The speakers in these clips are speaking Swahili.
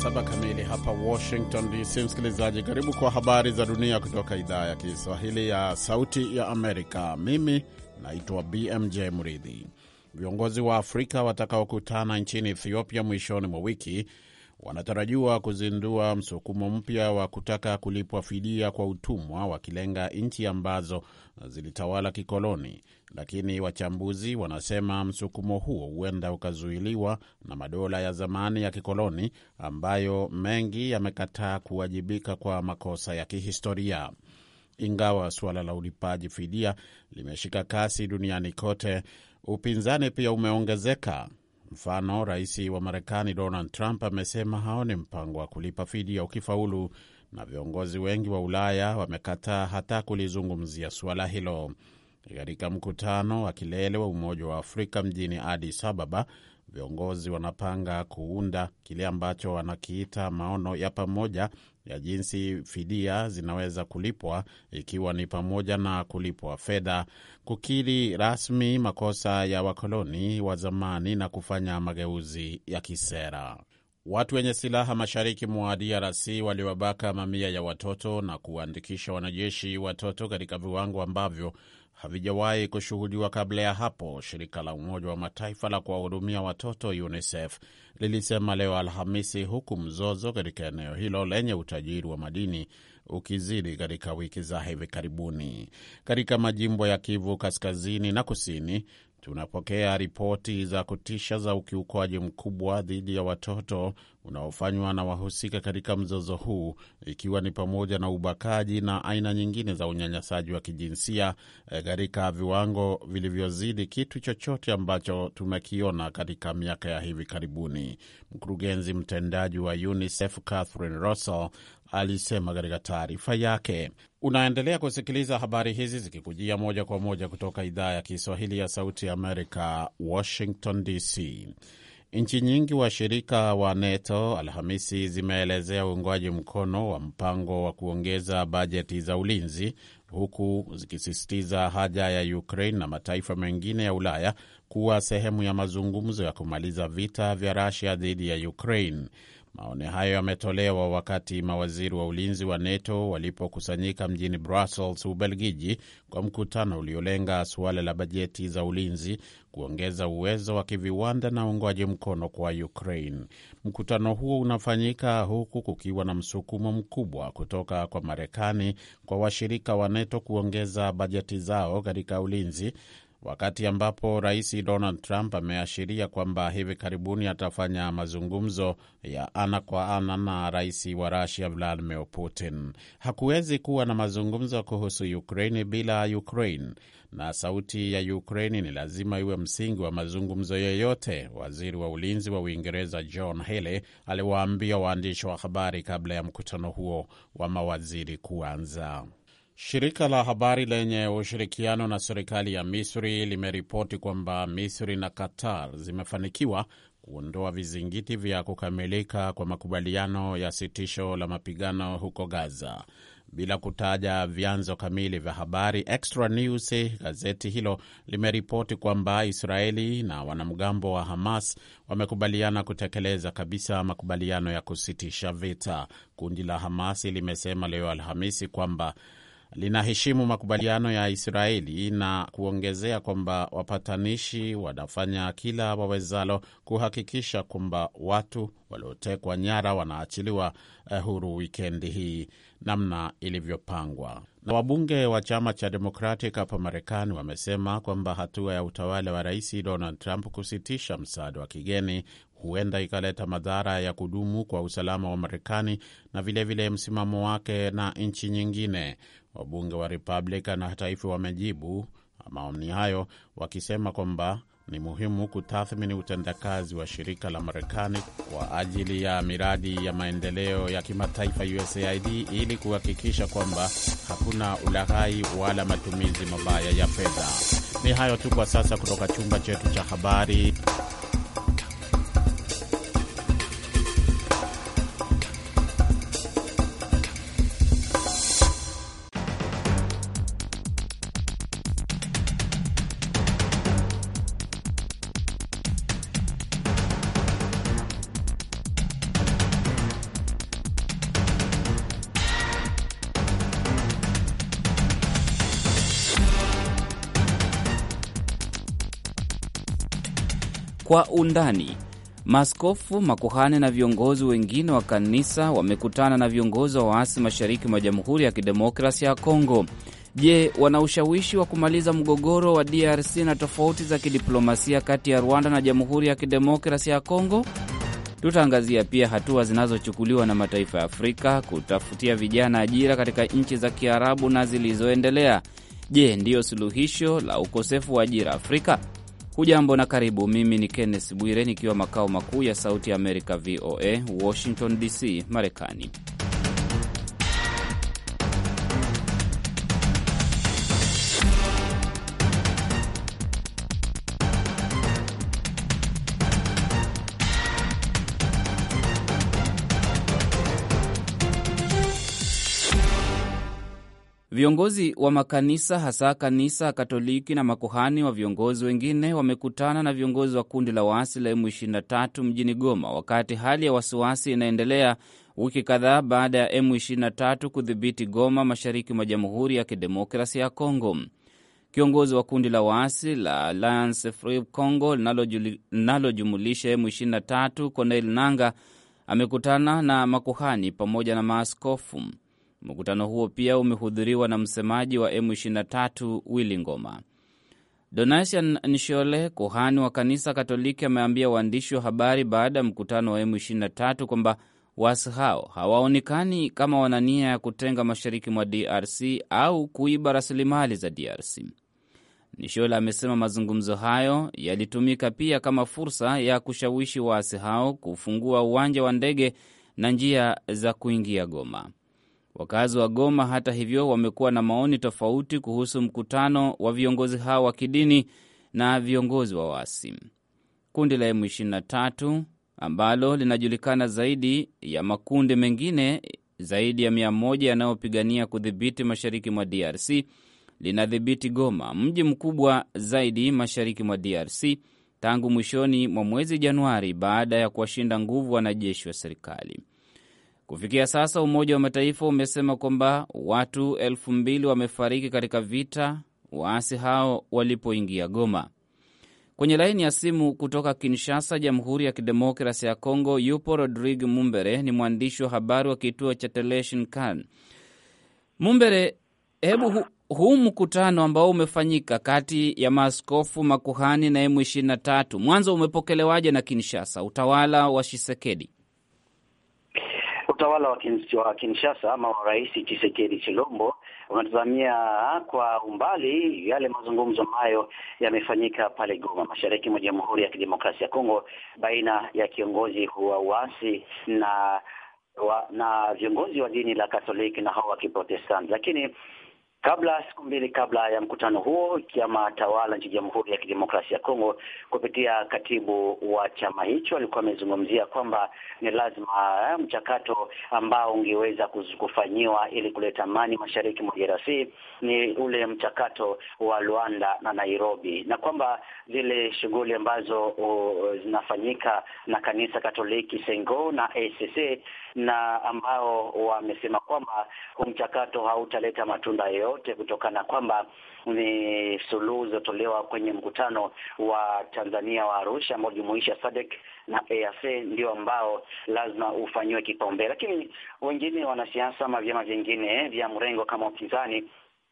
saba kamili hapa Washington DC. Msikilizaji, karibu kwa habari za dunia kutoka idhaa ya Kiswahili ya Sauti ya Amerika. Mimi naitwa BMJ Mridhi. Viongozi wa Afrika watakaokutana nchini Ethiopia mwishoni mwa wiki wanatarajiwa kuzindua msukumo mpya wa kutaka kulipwa fidia kwa utumwa, wakilenga nchi ambazo zilitawala kikoloni lakini wachambuzi wanasema msukumo huo huenda ukazuiliwa na madola ya zamani ya kikoloni ambayo mengi yamekataa kuwajibika kwa makosa ya kihistoria. Ingawa suala la ulipaji fidia limeshika kasi duniani kote, upinzani pia umeongezeka. Mfano, rais wa Marekani Donald Trump amesema haoni mpango wa kulipa fidia ukifaulu, na viongozi wengi wa Ulaya wamekataa hata kulizungumzia suala hilo. Katika mkutano wa kilele wa Umoja wa Afrika mjini Addis Ababa, viongozi wanapanga kuunda kile ambacho wanakiita maono ya pamoja ya jinsi fidia zinaweza kulipwa, ikiwa ni pamoja na kulipwa fedha, kukiri rasmi makosa ya wakoloni wa zamani na kufanya mageuzi ya kisera. Watu wenye silaha mashariki mwa DRC waliwabaka mamia ya watoto na kuwaandikisha wanajeshi watoto katika viwango ambavyo havijawahi kushuhudiwa kabla ya hapo, shirika la Umoja wa Mataifa la kuwahudumia watoto UNICEF lilisema leo Alhamisi, huku mzozo katika eneo hilo lenye utajiri wa madini ukizidi katika wiki za hivi karibuni. Katika majimbo ya Kivu kaskazini na kusini, tunapokea ripoti za kutisha za ukiukwaji mkubwa dhidi ya watoto unaofanywa na wahusika katika mzozo huu, ikiwa ni pamoja na ubakaji na aina nyingine za unyanyasaji wa kijinsia eh, katika viwango vilivyozidi kitu chochote ambacho tumekiona katika miaka ya hivi karibuni. Mkurugenzi mtendaji wa UNICEF Catherine Russell alisema katika taarifa yake. Unaendelea kusikiliza habari hizi zikikujia moja kwa moja kutoka idhaa ya Kiswahili ya Sauti ya Amerika, Washington DC. Nchi nyingi washirika wa NATO Alhamisi zimeelezea uungwaji mkono wa mpango wa kuongeza bajeti za ulinzi huku zikisisitiza haja ya Ukraine na mataifa mengine ya Ulaya kuwa sehemu ya mazungumzo ya kumaliza vita vya Russia dhidi ya Ukraine. Maoni hayo yametolewa wakati mawaziri wa ulinzi wa NATO walipokusanyika mjini Brussels, Ubelgiji, kwa mkutano uliolenga suala la bajeti za ulinzi, kuongeza uwezo wa kiviwanda na uungwaji mkono kwa Ukraine. Mkutano huo unafanyika huku kukiwa na msukumo mkubwa kutoka kwa Marekani kwa washirika wa NATO kuongeza bajeti zao katika ulinzi wakati ambapo Rais Donald Trump ameashiria kwamba hivi karibuni atafanya mazungumzo ya ana kwa ana na rais wa Rusia Vladimir Putin. Hakuwezi kuwa na mazungumzo kuhusu Ukraini bila Ukraine, na sauti ya Ukraini ni lazima iwe msingi wa mazungumzo yoyote, waziri wa ulinzi wa Uingereza John Healey aliwaambia waandishi wa habari kabla ya mkutano huo wa mawaziri kuanza. Shirika la habari lenye ushirikiano na serikali ya Misri limeripoti kwamba Misri na Qatar zimefanikiwa kuondoa vizingiti vya kukamilika kwa makubaliano ya sitisho la mapigano huko Gaza. Bila kutaja vyanzo kamili vya habari, Extra News gazeti hilo limeripoti kwamba Israeli na wanamgambo wa Hamas wamekubaliana kutekeleza kabisa makubaliano ya kusitisha vita. Kundi la Hamasi limesema leo Alhamisi kwamba linaheshimu makubaliano ya Israeli na kuongezea kwamba wapatanishi wanafanya kila wawezalo kuhakikisha kwamba watu waliotekwa nyara wanaachiliwa eh, huru wikendi hii namna ilivyopangwa. Na wabunge wa chama cha Democratic hapa Marekani wamesema kwamba hatua ya utawala wa Rais Donald Trump kusitisha msaada wa kigeni huenda ikaleta madhara ya kudumu kwa usalama wa Marekani na vilevile msimamo wake na nchi nyingine. Wabunge wa Republican hata hivyo wamejibu maoni hayo wakisema kwamba ni muhimu kutathmini utendakazi wa shirika la Marekani kwa ajili ya miradi ya maendeleo ya kimataifa USAID ili kuhakikisha kwamba hakuna ulaghai wala matumizi mabaya ya fedha. Ni hayo tu kwa sasa kutoka chumba chetu cha habari. kwa undani. Maaskofu, makuhani na viongozi wengine wa kanisa wamekutana na viongozi wa waasi mashariki mwa Jamhuri ya Kidemokrasia ya Kongo. Je, wana ushawishi wa kumaliza mgogoro wa DRC na tofauti za kidiplomasia kati ya Rwanda na Jamhuri ya Kidemokrasia ya Kongo? Tutaangazia pia hatua zinazochukuliwa na mataifa ya Afrika kutafutia vijana ajira katika nchi za Kiarabu na zilizoendelea. Je, ndiyo suluhisho la ukosefu wa ajira Afrika? Hujambo na karibu. Mimi ni Kenneth Bwire nikiwa makao makuu ya Sauti ya Amerika, VOA, Washington DC, Marekani. Viongozi wa makanisa hasa kanisa Katoliki na makuhani wa viongozi wengine wamekutana na viongozi wa kundi la waasi la M23 mjini Goma, wakati hali ya wasiwasi inaendelea wiki kadhaa baada ya M23 kudhibiti Goma, mashariki mwa Jamhuri ya Kidemokrasia ya congo Kiongozi wa kundi la waasi la Alliance Free Congo linalojumulisha M23, Corneille Nanga amekutana na makuhani pamoja na maaskofu. Mkutano huo pia umehudhuriwa na msemaji wa M23 Willy Ngoma. donatian Nshole, kuhani wa kanisa Katoliki, ameambia waandishi wa habari baada ya mkutano wa M23 kwamba waasi hao hawaonekani kama wana nia ya kutenga mashariki mwa DRC au kuiba rasilimali za DRC. Nishole amesema mazungumzo hayo yalitumika pia kama fursa ya kushawishi waasi hao kufungua uwanja wa ndege na njia za kuingia Goma. Wakazi wa Goma, hata hivyo, wamekuwa na maoni tofauti kuhusu mkutano wa viongozi hao wa kidini na viongozi wa waasi. Kundi la M23 ambalo linajulikana zaidi ya makundi mengine zaidi ya mia moja yanayopigania kudhibiti mashariki mwa DRC linadhibiti Goma, mji mkubwa zaidi mashariki mwa DRC tangu mwishoni mwa mwezi Januari, baada ya kuwashinda nguvu wanajeshi wa serikali. Kufikia sasa Umoja wa Mataifa umesema kwamba watu elfu mbili wamefariki katika vita waasi hao walipoingia Goma. Kwenye laini ya simu kutoka Kinshasa, Jamhuri ya Kidemokrasi ya Kongo, yupo Rodrigue Mumbere, ni mwandishi wa habari wa kituo cha Television Kan. Mumbere, hebu hu, huu mkutano ambao umefanyika kati ya maaskofu makuhani na emu 23 mwanzo umepokelewaje na Kinshasa, utawala wa Shisekedi? utawala wa Kinshasa ama wa Rais Tshisekedi Chilombo unatazamia kwa umbali yale mazungumzo ambayo yamefanyika pale Goma, mashariki mwa Jamhuri ya Kidemokrasia ya Kongo, baina ya kiongozi wa uasi na wa, na viongozi wa dini la Katoliki na hao wa Kiprotestanti, lakini Kabla siku mbili kabla ya mkutano huo, chama tawala nchi Jamhuri ya Kidemokrasia ya Kongo kupitia katibu wa chama hicho alikuwa amezungumzia kwamba ni lazima eh, mchakato ambao ungeweza kufanyiwa ili kuleta amani mashariki mwa DRC ni ule mchakato wa Luanda na Nairobi, na kwamba zile shughuli ambazo zinafanyika na kanisa Katoliki Sengo na ACC na ambao wamesema kwamba mchakato hautaleta matunda yoyote yoyote kutokana kwamba ni suluhu zilizotolewa kwenye mkutano wa Tanzania wa Arusha ambao jumuisha SADC na EAC ndio ambao lazima ufanyiwe kipaumbele, lakini wengine wanasiasa ama vyama vingine vya mrengo kama upinzani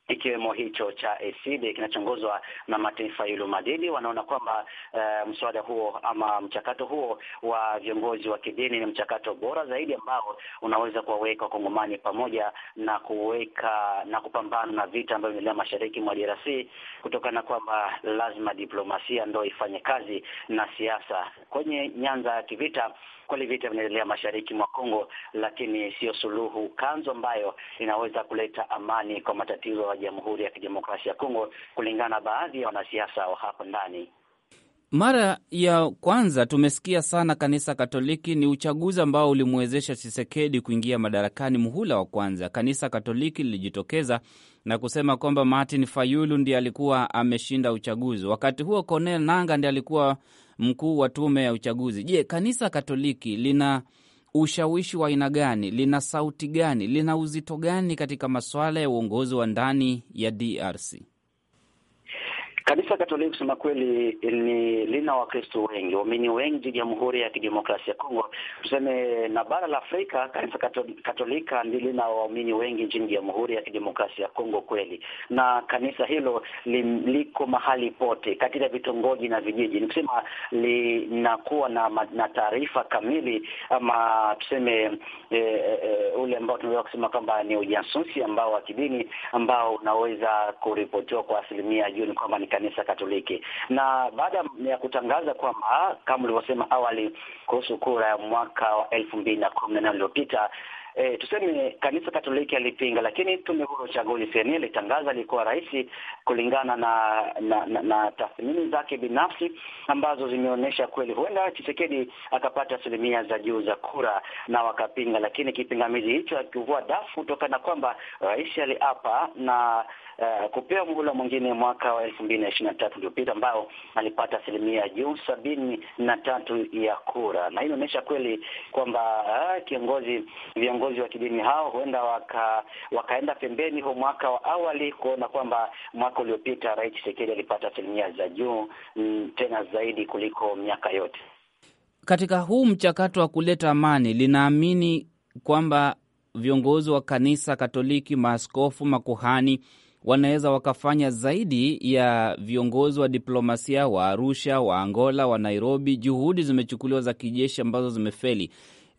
ikiwemo hicho cha ECD kinachoongozwa na mataifa ya Madini, wanaona kwamba uh, mswada huo ama mchakato huo wa viongozi wa kidini ni mchakato bora zaidi ambao unaweza kuwaweka wakongomani pamoja na kuweka na kupambana na vita ambavyo vinaendelea mashariki mwa DRC, kutokana na kwamba lazima diplomasia ndo ifanye kazi na siasa kwenye nyanza ya kivita kweli vita vinaendelea mashariki mwa Kongo, lakini sio suluhu kanzo ambayo inaweza kuleta amani kwa matatizo ya Jamhuri ya Kidemokrasia ya Kongo, kulingana na baadhi ya wanasiasa wa hapo ndani. Mara ya kwanza tumesikia sana kanisa Katoliki. Ni uchaguzi ambao ulimwezesha Chisekedi kuingia madarakani muhula wa kwanza. Kanisa Katoliki lilijitokeza na kusema kwamba Martin Fayulu ndiye alikuwa ameshinda uchaguzi. Wakati huo Corneille Nangaa ndiye alikuwa mkuu wa tume ya uchaguzi. Je, kanisa Katoliki lina ushawishi wa aina gani? Lina sauti gani? Lina uzito gani katika masuala ya uongozi wa ndani ya DRC? Kanisa Katoliki kusema kweli ni lina Wakristo wengi, waamini wengi Jamhuri ya Kidemokrasia ya Kongo, tuseme na bara la Afrika. Kanisa Katolika ndi lina waamini wengi nchini Jamhuri ya Kidemokrasia ya Kongo kweli, na kanisa hilo li, liko mahali pote katika vitongoji na vijiji, ni kusema linakuwa na, na taarifa kamili ama tuseme e, e, ule ambao tunaweza kusema kwamba ni ujasusi ambao wa kidini ambao unaweza kuripotiwa kwa asilimia juu ni kwamba ni kanisa Katoliki. Na baada ya kutangaza kwamba kama ulivyosema awali kuhusu kura ya mwaka wa elfu mbili na kumi na nane uliopita e, tuseme kanisa Katoliki alipinga, lakini tume huru uchaguzi CENI ilitangaza alikuwa rais kulingana na na, na, na tathmini zake binafsi ambazo zimeonyesha kweli huenda Chisekedi akapata asilimia za juu za kura, na wakapinga, lakini kipingamizi hicho akivua dafu kutokana na kwamba rais aliapa na Uh, kupewa muhula mwingine mwaka wa elfu mbili na ishirini na tatu uliopita ambao alipata asilimia juu sabini na tatu ya kura, na hii inaonyesha kweli kwamba uh, kiongozi viongozi viongozi wa kidini hao huenda waka, wakaenda pembeni huo mwaka wa awali kuona kwamba mwaka uliopita Rais chisekedi alipata asilimia za juu mm, tena zaidi kuliko miaka yote. Katika huu mchakato wa kuleta amani, linaamini kwamba viongozi wa kanisa Katoliki, maaskofu, makuhani wanaweza wakafanya zaidi ya viongozi wa diplomasia wa Arusha, wa Angola, wa Nairobi. Juhudi zimechukuliwa za kijeshi ambazo zimefeli.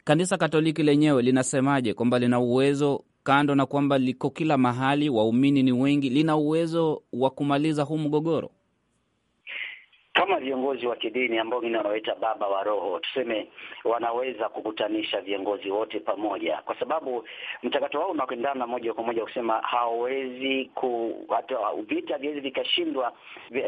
Kanisa Katoliki lenyewe linasemaje kwamba lina uwezo kando na kwamba liko kila mahali, waumini ni wengi, lina uwezo wa kumaliza huu mgogoro? kama viongozi wa kidini ambao mimi nawaita baba wa roho, tuseme, wanaweza kukutanisha viongozi wote pamoja, kwa sababu mchakato wao unakwendana moja kwa moja kusema hawawezi ku hata vita viwezi vikashindwa,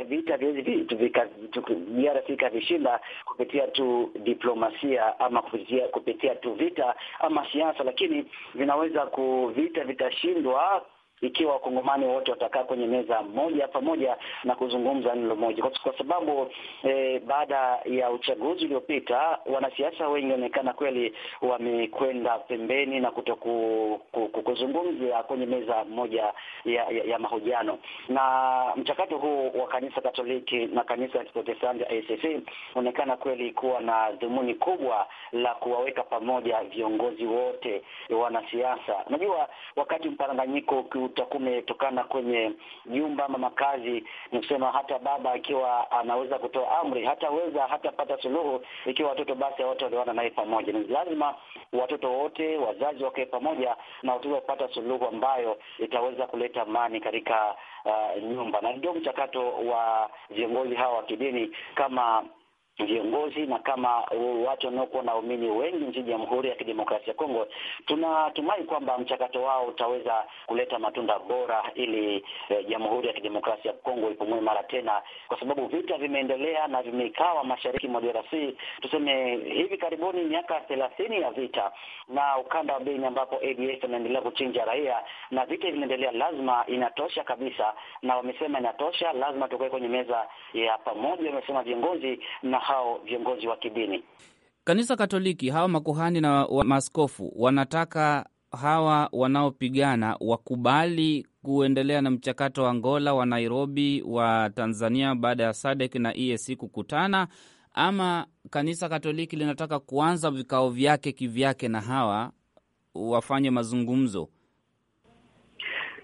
vita viwezi vikavika vishinda kupitia tu diplomasia ama kupitia, kupitia tu vita ama siasa, lakini vinaweza ku vita vitashindwa ikiwa wakongomani wote watakaa kwenye meza moja pamoja na kuzungumza neno moja, kwa sababu eh, baada ya uchaguzi uliopita wanasiasa wengi wanaonekana kweli wamekwenda pembeni na kutokuzungumza kwenye meza moja ya, ya, ya mahojiano. Na mchakato huu wa kanisa Katoliki na kanisa ya Kiprotestanti ACC unaonekana kweli kuwa na dhumuni kubwa la kuwaweka pamoja viongozi wote wanasiasa. Unajua, wakati mparanganyiko kuta kumetokana kwenye nyumba ama makazi, ni kusema hata baba akiwa anaweza kutoa amri hataweza hatapata suluhu ikiwa watoto basi wote walioana naye pamoja. Ni lazima watoto wote wazazi wakae pamoja na watoto wapata suluhu ambayo itaweza kuleta amani katika uh, nyumba, na ndio mchakato wa viongozi hawa wa kidini kama viongozi na kama uh, watu wanaokuwa na umini wengi nchini Jamhuri ya Kidemokrasia ya Kongo, tunatumai kwamba mchakato wao utaweza kuleta matunda bora ili eh, Jamhuri ya Kidemokrasia ya Kongo ipumue mara tena, kwa sababu vita vimeendelea na vimekawa mashariki mwa DRC, tuseme hivi karibuni miaka thelathini ya vita na ukanda wa Beni, ambapo ADF inaendelea kuchinja raia na vita vinaendelea. Lazima inatosha kabisa, na wamesema inatosha, lazima tukae kwenye meza ya pamoja, wamesema viongozi na hao viongozi wa kidini. Kanisa Katoliki, hawa makuhani na maaskofu wanataka hawa wanaopigana wakubali kuendelea na mchakato wa Angola, wa Nairobi, wa Tanzania baada ya SADC na EAC kukutana, ama kanisa Katoliki linataka kuanza vikao vyake kivyake na hawa wafanye mazungumzo.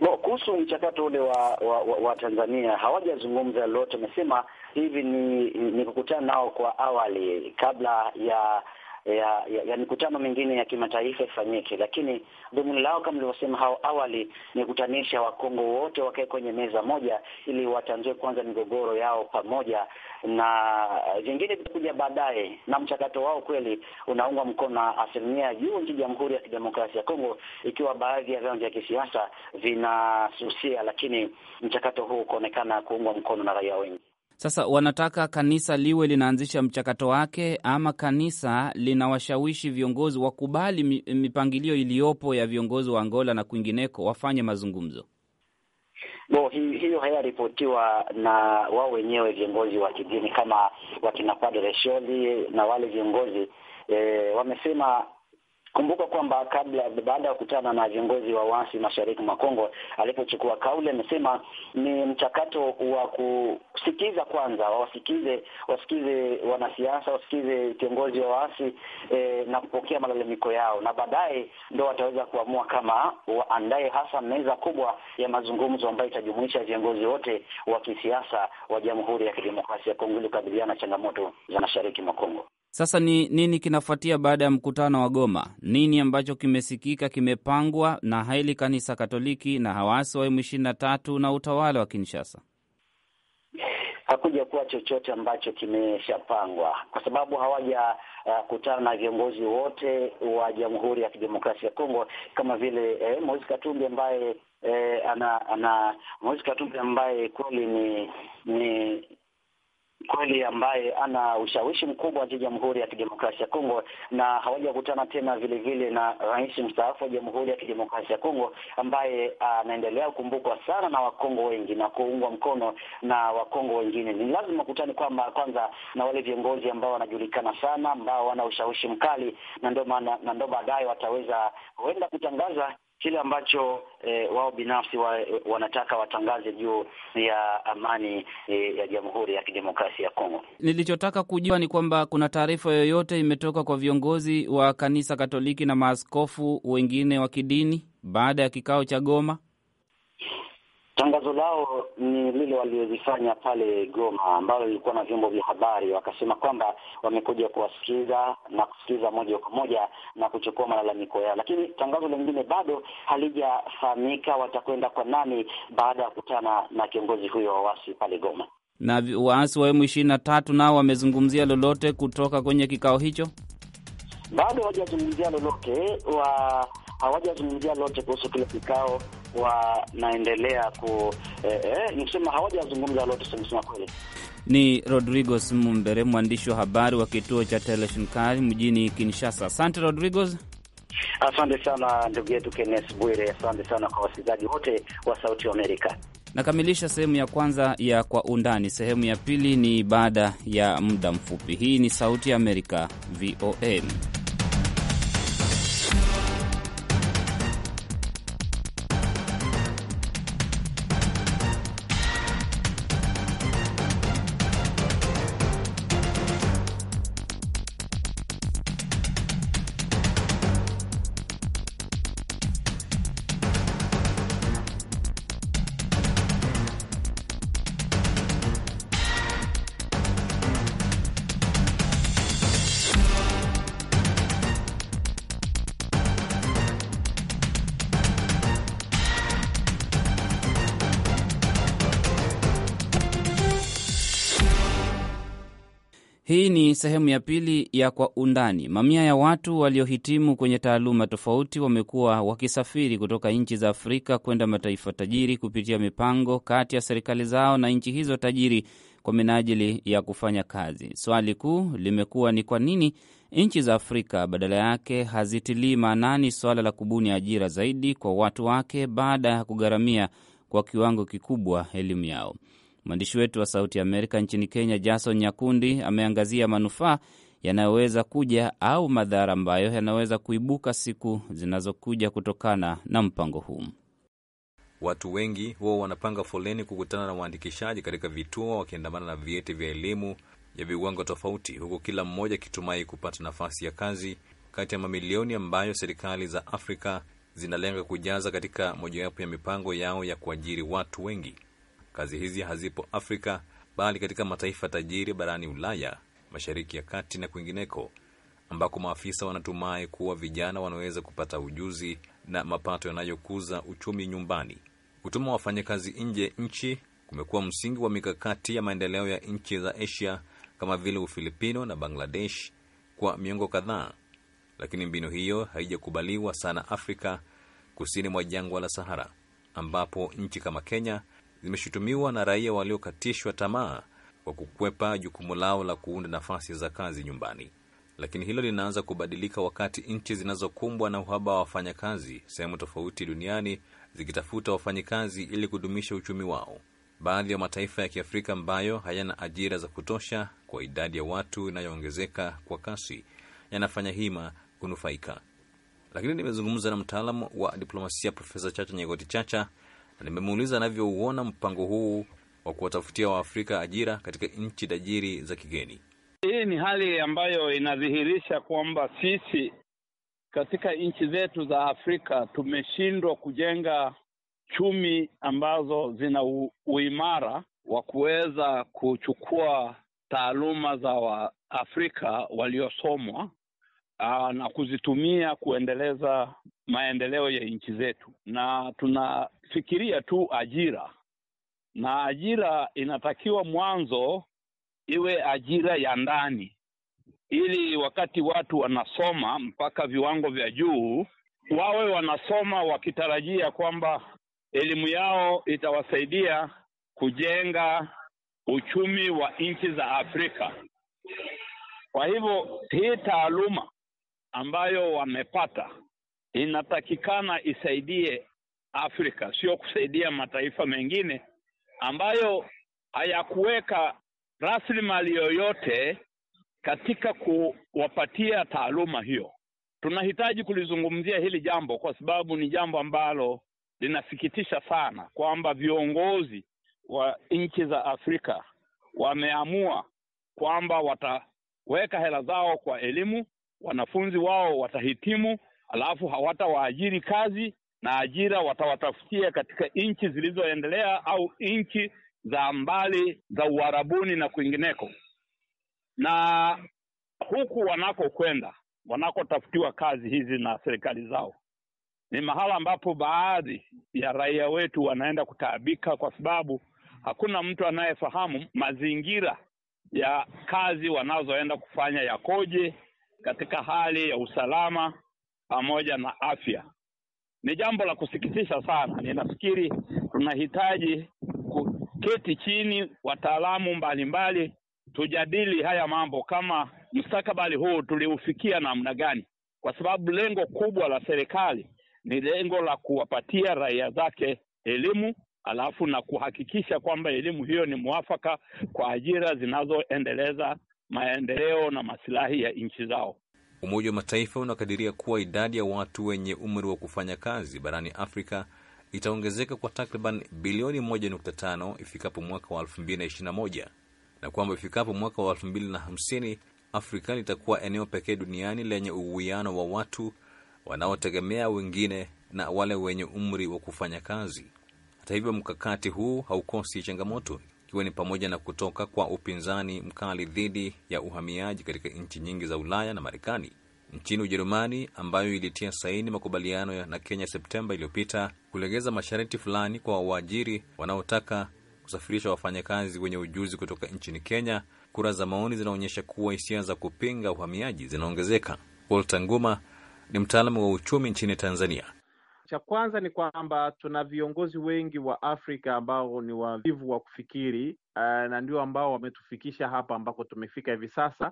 No, kuhusu mchakato ule wa, wa, wa, wa Tanzania hawajazungumza lolote, amesema hivi ni, ni kukutana nao kwa awali kabla ya ya, ya, ya mikutano mingine ya kimataifa ifanyike, lakini dhumuni lao kama nilivyosema hao awali ni kutanisha Wakongo wote wakae kwenye meza moja ili watanzue kwanza migogoro yao pamoja na vingine vitakuja baadaye, na mchakato wao kweli unaungwa mkono na asilimia juu nchi Jamhuri ya Kidemokrasia ya Kongo, ikiwa baadhi ya vyama vya kisiasa vinasusia, lakini mchakato huu ukaonekana kuungwa mkono na raia wengi. Sasa wanataka kanisa liwe linaanzisha mchakato wake ama kanisa linawashawishi viongozi wakubali mipangilio iliyopo ya viongozi wa Angola na kwingineko wafanye mazungumzo? Bo, hi, hiyo hayaripotiwa na wao wenyewe viongozi wa kidini kama wakina Padre Sholi na wale viongozi e, wamesema Kumbuka kwamba kabla baada ya kukutana na viongozi wa waasi mashariki mwa Kongo, alipochukua kauli amesema ni mchakato wa kusikiza kwanza, wasikize wasikize wanasiasa, wasikize kiongozi wa waasi e, na kupokea malalamiko yao, na baadaye ndo wataweza kuamua kama waandaye hasa meza kubwa ya mazungumzo ambayo itajumuisha viongozi wote wa kisiasa wa Jamhuri ya Kidemokrasia ya Kongo ili kukabiliana na changamoto za mashariki mwa Kongo. Sasa ni nini kinafuatia baada ya mkutano wa Goma? Nini ambacho kimesikika kimepangwa na haili kanisa Katoliki na hawasi wa M23 na utawala wa Kinshasa? Hakuja kuwa chochote ambacho kimeshapangwa kwa sababu hawaja uh, kutana na viongozi wote wa Jamhuri ya Kidemokrasia ya Kongo kama vile eh, Moise Katumbi ambaye eh, ana ana Moise Katumbi ambaye kweli ni ni kweli ambaye ana ushawishi mkubwa wa Jamhuri ya Kidemokrasia ya Kongo, na hawajakutana tena vile vile na rais mstaafu wa Jamhuri ya Kidemokrasia ya Kongo ambaye anaendelea kukumbukwa sana na Wakongo wengi na kuungwa mkono na Wakongo wengine. Ni lazima kutani kwamba kwanza na wale viongozi ambao wanajulikana sana, ambao wana ushawishi mkali, na ndio maana na ndio baadaye wataweza huenda kutangaza kile ambacho e, wao binafsi wa, wanataka watangaze juu ya amani e, ya Jamhuri ya Kidemokrasia ya Kongo. Nilichotaka kujua ni kwamba kuna taarifa yoyote imetoka kwa viongozi wa kanisa Katoliki na maaskofu wengine wa kidini baada ya kikao cha Goma? Tangazo lao ni lile waliozifanya pale Goma, ambalo lilikuwa na vyombo vya habari, wakasema kwamba wamekuja kuwasikiza na kusikiliza moja kwa moja na kuchukua malalamiko yao, lakini tangazo lingine bado halijafahamika watakwenda kwa nani baada ya kukutana na kiongozi huyo wa waasi pale Goma. Na waasi wa emu ishirini na tatu nao wamezungumzia lolote kutoka kwenye kikao hicho? Bado hawajazungumzia lolote wa hawajazungumzia lolote kuhusu kile kikao wanaendelea ku eh, eh, nisema hawajazungumza lote kusema kweli. Ni Rodrigos Mumbere, mwandishi wa habari wa kituo cha teleshinkari mjini Kinshasa. Asante Rodrigos. Asante sana ndugu yetu Kennes Bwire, asante sana kwa wasikilizaji wote wa Sauti ya Amerika. Nakamilisha sehemu ya kwanza ya Kwa Undani. Sehemu ya pili ni baada ya muda mfupi. Hii ni Sauti ya Amerika, VOA. Hii ni sehemu ya pili ya Kwa Undani. Mamia ya watu waliohitimu kwenye taaluma tofauti wamekuwa wakisafiri kutoka nchi za Afrika kwenda mataifa tajiri kupitia mipango kati ya serikali zao na nchi hizo tajiri kwa minajili ya kufanya kazi. Swali kuu limekuwa ni kwa nini nchi za Afrika badala yake hazitilii maanani suala la kubuni ajira zaidi kwa watu wake baada ya kugharamia kwa kiwango kikubwa elimu yao. Mwandishi wetu wa Sauti ya Amerika nchini Kenya, Jason Nyakundi, ameangazia manufaa yanayoweza kuja au madhara ambayo yanaweza kuibuka siku zinazokuja kutokana na mpango huu. Watu wengi huwa wanapanga foleni kukutana na waandikishaji katika vituo, wakiandamana na vyeti vya elimu ya viwango tofauti, huku kila mmoja akitumai kupata nafasi ya kazi kati ya mamilioni ambayo serikali za Afrika zinalenga kujaza katika mojawapo ya mipango yao ya kuajiri watu wengi. Kazi hizi hazipo Afrika bali katika mataifa tajiri barani Ulaya, Mashariki ya Kati na kwingineko, ambako maafisa wanatumai kuwa vijana wanaweza kupata ujuzi na mapato yanayokuza uchumi nyumbani. Kutuma wafanyakazi nje nchi kumekuwa msingi wa mikakati ya maendeleo ya nchi za Asia kama vile Ufilipino na Bangladesh kwa miongo kadhaa, lakini mbinu hiyo haijakubaliwa sana Afrika kusini mwa jangwa la Sahara, ambapo nchi kama Kenya zimeshutumiwa na raia waliokatishwa tamaa kwa kukwepa jukumu lao la kuunda nafasi za kazi nyumbani. Lakini hilo linaanza kubadilika wakati nchi zinazokumbwa na uhaba wa wafanyakazi sehemu tofauti duniani zikitafuta wafanyakazi ili kudumisha uchumi wao. Baadhi ya mataifa ya Kiafrika ambayo hayana ajira za kutosha kwa idadi ya watu inayoongezeka kwa kasi yanafanya hima kunufaika. Lakini nimezungumza na mtaalamu wa diplomasia Profesa Chacha Nyegoti Chacha na nimemuuliza anavyouona mpango huu wa kuwatafutia Waafrika ajira katika nchi tajiri za kigeni. Hii ni hali ambayo inadhihirisha kwamba sisi katika nchi zetu za Afrika tumeshindwa kujenga chumi ambazo zina uimara wa kuweza kuchukua taaluma za Waafrika waliosomwa Ah, na kuzitumia kuendeleza maendeleo ya nchi zetu, na tunafikiria tu ajira, na ajira inatakiwa mwanzo iwe ajira ya ndani, ili wakati watu wanasoma mpaka viwango vya juu wawe wanasoma wakitarajia kwamba elimu yao itawasaidia kujenga uchumi wa nchi za Afrika. Kwa hivyo hii taaluma ambayo wamepata inatakikana isaidie Afrika, sio kusaidia mataifa mengine ambayo hayakuweka rasilimali yoyote katika kuwapatia taaluma hiyo. Tunahitaji kulizungumzia hili jambo kwa sababu ni jambo ambalo linasikitisha sana kwamba viongozi wa nchi za Afrika wameamua kwamba wataweka hela zao kwa elimu wanafunzi wao watahitimu, alafu hawatawaajiri kazi, na ajira watawatafutia katika nchi zilizoendelea au nchi za mbali za Uarabuni na kwingineko. Na huku wanakokwenda, wanakotafutiwa kazi hizi na serikali zao, ni mahala ambapo baadhi ya raia wetu wanaenda kutaabika, kwa sababu hakuna mtu anayefahamu mazingira ya kazi wanazoenda kufanya yakoje katika hali ya usalama pamoja na afya. Ni jambo la kusikitisha sana. Ninafikiri tunahitaji kuketi chini, wataalamu mbalimbali, tujadili haya mambo, kama mustakabali huu tuliufikia namna gani, kwa sababu lengo kubwa la serikali ni lengo la kuwapatia raia zake elimu alafu na kuhakikisha kwamba elimu hiyo ni mwafaka kwa ajira zinazoendeleza maendeleo na masilahi ya nchi zao. Umoja wa Mataifa unakadiria kuwa idadi ya watu wenye umri wa kufanya kazi barani Afrika itaongezeka kwa takriban bilioni 1.5 ifikapo mwaka wa 2021 na kwamba ifikapo mwaka wa 2050 Afrika litakuwa eneo pekee duniani lenye uwiano wa watu wanaotegemea wengine na wale wenye umri wa kufanya kazi. Hata hivyo, mkakati huu haukosi changamoto ikiwa ni pamoja na kutoka kwa upinzani mkali dhidi ya uhamiaji katika nchi nyingi za Ulaya na Marekani. Nchini Ujerumani, ambayo ilitia saini makubaliano na Kenya Septemba iliyopita, kulegeza masharti fulani kwa waajiri wanaotaka kusafirisha wafanyakazi wenye ujuzi kutoka nchini Kenya. Kura za maoni zinaonyesha kuwa hisia za kupinga uhamiaji zinaongezeka. Paul ni mtaalamu wa uchumi nchini Tanzania. Cha kwanza ni kwamba tuna viongozi wengi wa Afrika ambao ni wavivu wa kufikiri uh, na ndio ambao wametufikisha hapa ambako tumefika hivi sasa,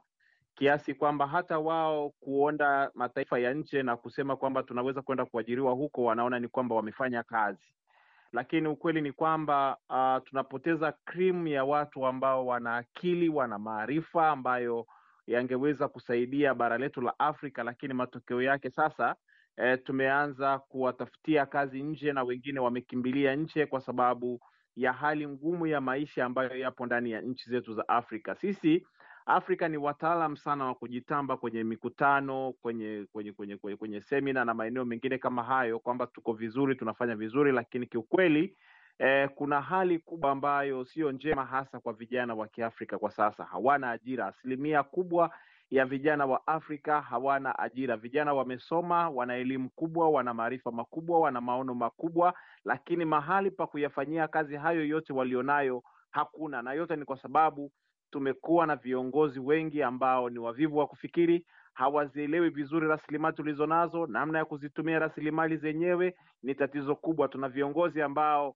kiasi kwamba hata wao kuonda mataifa ya nje na kusema kwamba tunaweza kwenda kuajiriwa huko, wanaona ni kwamba wamefanya kazi, lakini ukweli ni kwamba uh, tunapoteza krimu ya watu ambao wana akili, wana maarifa ambayo yangeweza kusaidia bara letu la Afrika, lakini matokeo yake sasa e, tumeanza kuwatafutia kazi nje na wengine wamekimbilia nje kwa sababu ya hali ngumu ya maisha ambayo yapo ndani ya nchi zetu za Afrika. Sisi Afrika ni wataalam sana wa kujitamba kwenye mikutano, kwenye kwenye kwenye kwenye, kwenye semina na maeneo mengine kama hayo kwamba tuko vizuri, tunafanya vizuri, lakini kiukweli eh, kuna hali kubwa ambayo sio njema hasa kwa vijana wa Kiafrika kwa sasa. Hawana ajira, asilimia kubwa ya vijana wa Afrika hawana ajira. Vijana wamesoma, wana elimu kubwa, wana maarifa makubwa, wana maono makubwa, lakini mahali pa kuyafanyia kazi hayo yote walionayo hakuna, na yote ni kwa sababu tumekuwa na viongozi wengi ambao ni wavivu wa kufikiri, hawazielewi vizuri rasilimali tulizo nazo. Namna ya kuzitumia rasilimali zenyewe ni tatizo kubwa. Tuna viongozi ambao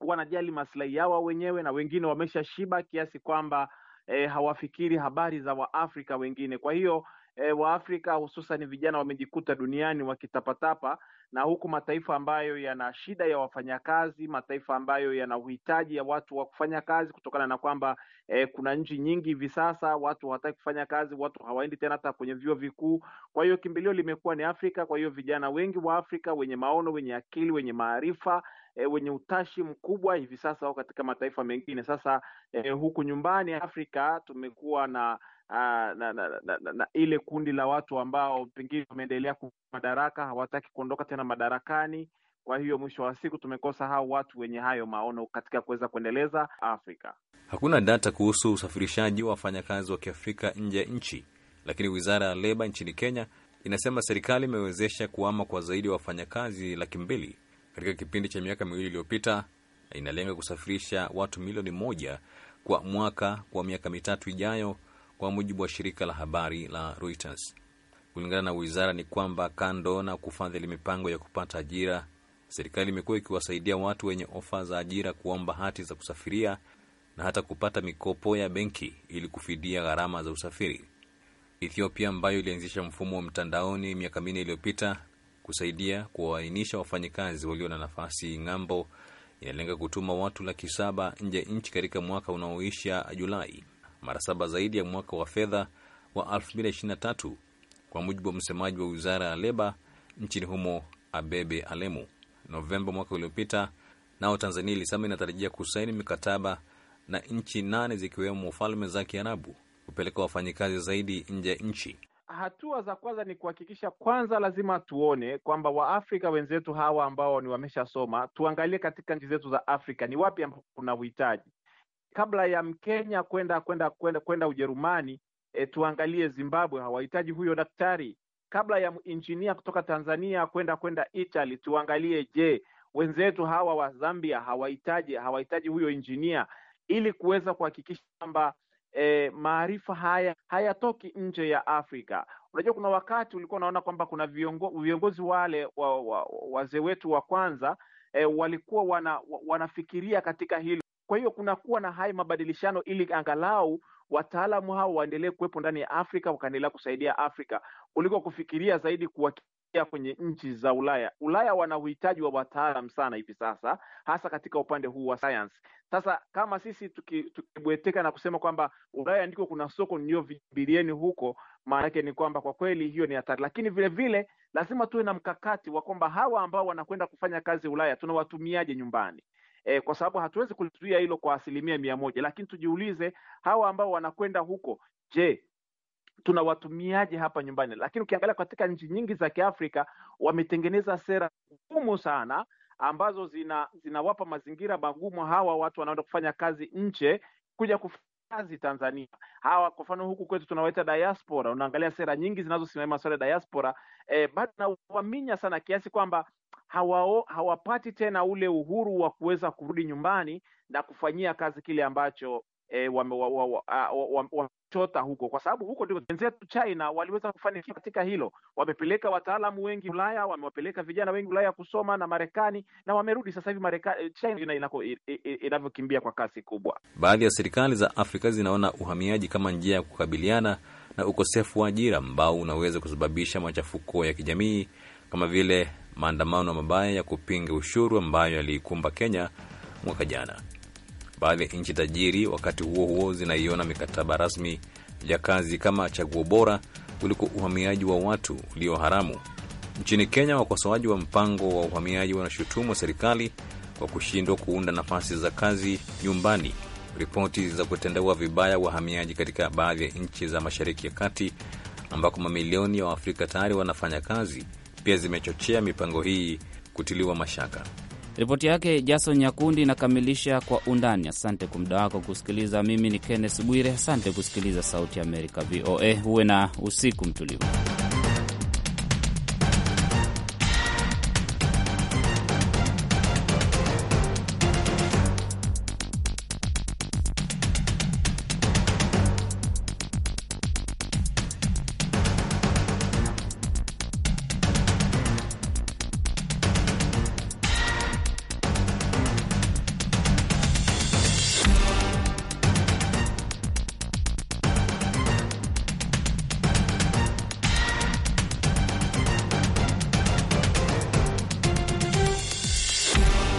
wanajali maslahi yao wenyewe na wengine wamesha shiba kiasi kwamba e, hawafikiri habari za Waafrika wengine. Kwa hiyo e, Waafrika hususan vijana wamejikuta duniani wakitapatapa, na huku mataifa ambayo yana shida ya wafanyakazi, mataifa ambayo yana uhitaji ya watu wa kufanya kazi, kutokana na kwamba e, kuna nchi nyingi hivi sasa watu hawataki kufanya kazi, watu hawaendi tena hata kwenye vyuo vikuu. Kwa hiyo kimbilio limekuwa ni Afrika. Kwa hiyo vijana wengi wa Afrika wenye maono, wenye akili, wenye maarifa e, wenye utashi mkubwa hivi sasa wao katika mataifa mengine. Sasa e, huku nyumbani Afrika tumekuwa na na, na, na, na, na ile kundi la watu ambao pengine wameendelea madaraka, hawataki kuondoka tena madarakani. Kwa hiyo mwisho wa siku tumekosa hao watu wenye hayo maono katika kuweza kuendeleza Afrika. Hakuna data kuhusu usafirishaji wa wafanyakazi wa Kiafrika nje ya nchi, lakini wizara ya leba nchini Kenya inasema serikali imewezesha kuama kwa zaidi ya wafanyakazi laki mbili katika kipindi cha miaka miwili iliyopita inalenga kusafirisha watu milioni moja kwa mwaka kwa miaka mitatu ijayo, kwa mujibu wa shirika la habari la Reuters. Kulingana na wizara ni kwamba kando na kufadhili mipango ya kupata ajira, serikali imekuwa ikiwasaidia watu wenye ofa za ajira kuomba hati za kusafiria na hata kupata mikopo ya benki ili kufidia gharama za usafiri. Ethiopia ambayo ilianzisha mfumo wa mtandaoni miaka minne iliyopita kusaidia kuwaainisha wafanyakazi walio na nafasi ng'ambo. Inalenga kutuma watu laki saba nje ya nchi katika mwaka unaoisha Julai, mara saba zaidi ya mwaka wa fedha wa 2023 kwa mujibu wa msemaji wa wizara ya leba nchini humo Abebe Alemu. Novemba mwaka uliopita, nao Tanzania ilisema inatarajia kusaini mikataba na nchi nane zikiwemo Falme za Kiarabu kupeleka wafanyikazi zaidi nje ya nchi hatua za kwanza ni kuhakikisha kwanza, lazima tuone kwamba waafrika wenzetu hawa ambao ni wameshasoma, tuangalie katika nchi zetu za Afrika ni wapi ambapo kuna uhitaji kabla ya Mkenya kwenda kwenda kwenda kwenda Ujerumani. E, tuangalie Zimbabwe, hawahitaji huyo daktari. Kabla ya injinia kutoka Tanzania kwenda kwenda Italy, tuangalie, je, wenzetu hawa wa Zambia hawahitaji hawahitaji huyo injinia, ili kuweza kuhakikisha kwamba e, maarifa haya hayatoki nje ya Afrika. Unajua, kuna wakati ulikuwa unaona kwamba kuna viongo, viongozi wale wa, wa, wazee wetu wa kwanza e, walikuwa wana, wanafikiria katika hilo. Kwa hiyo kunakuwa na haya mabadilishano ili angalau wataalamu hao waendelee kuwepo ndani ya Afrika wakaendelea kusaidia Afrika kuliko kufikiria zaidi kuwa kwenye nchi za Ulaya. Ulaya wana uhitaji wa wataalam sana hivi sasa, hasa katika upande huu wa science. Sasa kama sisi tukibweteka na kusema kwamba Ulaya ndiko kuna soko vibilieni huko, maana yake ni kwamba kwa kweli hiyo ni hatari, lakini vilevile vile lazima tuwe na mkakati wa kwamba hawa ambao wanakwenda kufanya kazi Ulaya tunawatumiaje nyumbani? E, kwa sababu hatuwezi kulizuia hilo kwa asilimia mia moja, lakini tujiulize hawa ambao wanakwenda huko, je, tunawatumiaje hapa nyumbani. Lakini ukiangalia katika nchi nyingi za Kiafrika wametengeneza sera ngumu sana ambazo zina zinawapa mazingira magumu hawa watu wanaenda kufanya kazi nje kuja kuf kazi Tanzania. Hawa kwa mfano huku kwetu tunawaita diaspora. Unaangalia sera nyingi zinazosimamia masuala ya diaspora e, bado nawaminya sana kiasi kwamba hawao hawapati tena ule uhuru wa kuweza kurudi nyumbani na kufanyia kazi kile ambacho e, wamechota huko, kwa sababu huko ndio wenzetu China waliweza kufanikiwa katika hilo. Wamepeleka wataalamu wengi Ulaya, wamewapeleka vijana wengi Ulaya kusoma na Marekani, na wamerudi sasa hivi China inavyokimbia kwa kasi kubwa. Baadhi ya serikali za Afrika zinaona uhamiaji kama njia ya kukabiliana na ukosefu wa ajira ambao unaweza kusababisha machafuko ya kijamii kama vile maandamano mabaya ya kupinga ushuru ambayo yaliikumba Kenya mwaka jana. Baadhi ya nchi tajiri wakati huo huo zinaiona mikataba rasmi ya kazi kama chaguo bora kuliko uhamiaji wa watu ulio haramu. Nchini Kenya, wakosoaji wa mpango wa uhamiaji wanashutumu serikali kwa kushindwa kuunda nafasi za kazi nyumbani. Ripoti za kutendewa vibaya wahamiaji katika baadhi ya nchi za Mashariki ya Kati ambako mamilioni ya Waafrika tayari wanafanya kazi pia zimechochea mipango hii kutiliwa mashaka. Ripoti yake Jason Nyakundi inakamilisha kwa undani. Asante kwa muda wako kusikiliza. Mimi ni Kenneth Bwire, asante kusikiliza Sauti ya Amerika VOA. Huwe na usiku mtulivu.